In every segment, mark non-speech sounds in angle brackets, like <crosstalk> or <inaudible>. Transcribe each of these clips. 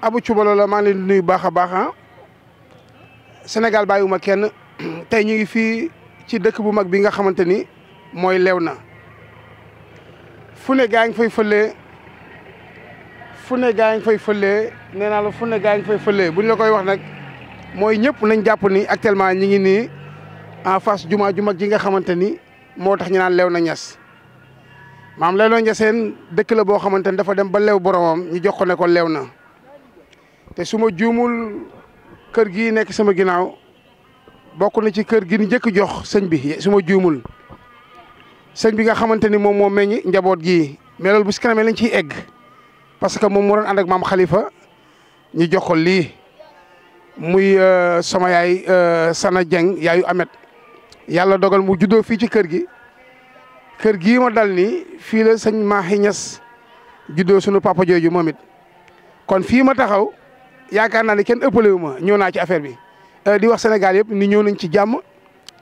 Abou Thioubalo la maa ngi leen di nuyu baax a baax ah Sénégal kenn <clears throat> tey ñu ngi fii ci dëkk bu mag bi nga xamante ni mooy na fu ne gaa ngi fay fëlee fu ne gaa ngi fay fëlee nee naa la fu ne gaa ngi fay fëlee bu ñu la koy wax nag mooy ñëpp nañ jàpp ni actuellement ñi ngi nii en face jumaa ju mag ji nga xamante ni moo tax ñu naan na Niass maam Léona Niassène dëkk la boo xamante ni dafa dem ba lew boromam ñu jox ko ne ko Léona te su ma juumul kër gii nekk sama ginnaaw bokk na ci kër gi njëkk jox sëñ bi su ma juumul sëñ bi nga xamante ni moom moom moo ñi njaboot gi mais loolu bu si kanamee lañ ciy egg parce que moom moo doon ànd ak maam Khalifa ñu jox lii muy euh, sama yaay euh, Sana Dieng yaayu Amet yàlla dogal mu juddoo fii ci kër gi kër gi ma dal ni fii la sëñ Mahi Niass juddoo sunu papa jooju moom it kon fii ma taxaw yaakaar naa ne kenn ëppale wu ma ñëw naa ci affaire bi euh, di wax Sénégal yëpp ni ñëw nañ ci jàmm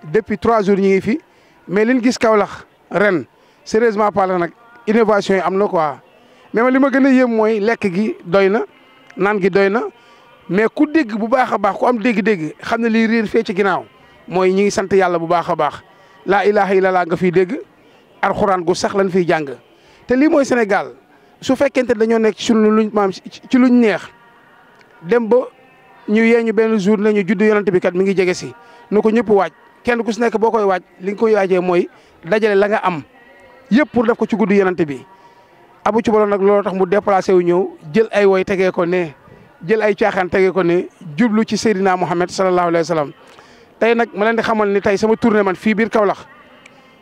depuis trois jours ñu ngi fi mais liñ gis Kaolack ren sérieusement parlant nag innovation yi am na quoi mais li ma gën a yéem mooy lekk gi doy na naan gi doy na mais ku dégg bu baax a baax ku am dégg-dégg xam ne liy réer fee ci ginnaaw mooy ñi ngi sant yàlla bu baax a baax laa ilaha lalaa nga fiy dégg alxuraan gu sax lañ fiy jàng te lii mooy Sénégal su fekkente dañoo nekk ci luñ maam neex. dem ba ñu yee ñu benn jour nañu juddu yonent bi kat mu ngi jege si nu ko ñëpp waaj kenn ku si nekk boo koy waaj li nga koy waajee mooy dajale la nga am yëpp pour def ko ci guddi yonent bi. abu ci bolo nag looloo tax mu déplacé wu ñëw jël ay woy tegee ko ne jël ay caaxaan tegee ko ne jublu ci Seydina Muhammad sallallahu alayhi wa sallam tey nag mu leen di xamal ni tey sama tournée man fii biir Kaolack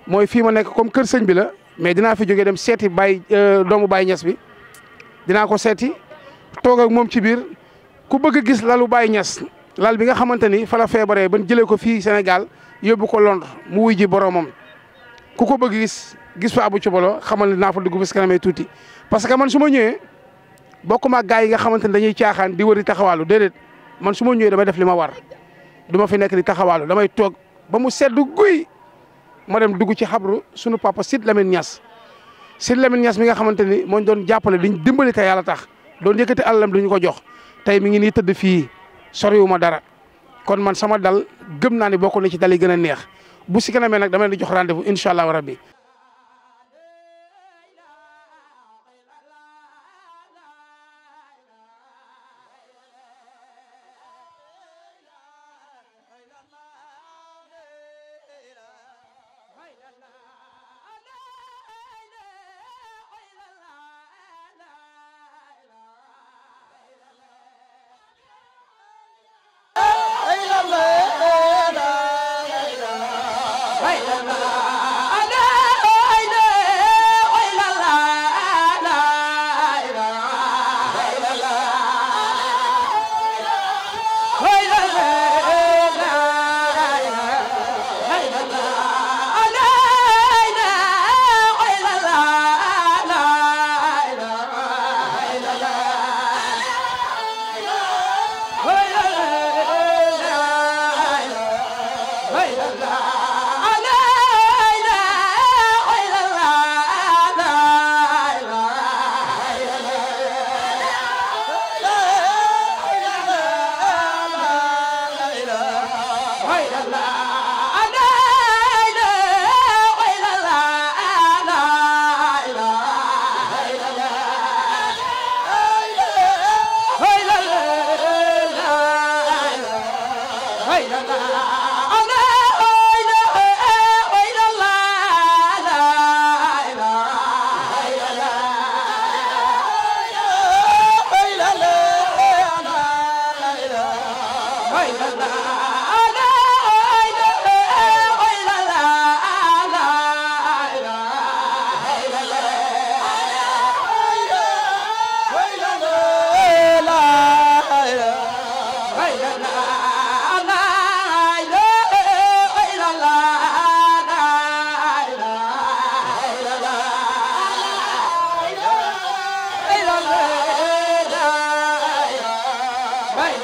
mooy fii ma nekk comme kër sëñ bi la mais dinaa fi jóge de seeti Baye euh, doomu Baye Niass bi ko seeti ku bëgg gis lalu Baye ñas lal bi nga xamante ni fa la feebaree ban jëlee ko fii Sénégal yóbbu ko Londres mu wuy ji boromam ku ko bëgg gis gis fa Abou Thioubalo xamal ne naa fa dugg bis kanamee tuuti. parce que man su ma ñëwee bokkuma ak yi nga xamante ne dañuy caaxaan di wër di taxawaalu déedéet man su ma damay def li ma war du fi nekk di taxawaalu damay toog ba mu sedd guy ma dem dugg ci xabru sunu papa Sidy Lamine Niass Sidy Lamine Niass mi nga xamante ni moo doon jàppale diñ dimbali te yàlla tax doon yëkkati àllam duñu ko jox. tey mi ngi nii tëdd fii soriwuma dara kon man sama dal gëm naan ne bokk na ci dal yi gën a neex bu si kanamee nag dama leen di jox rendez-vous incha allah rabbi la <laughs> Vai!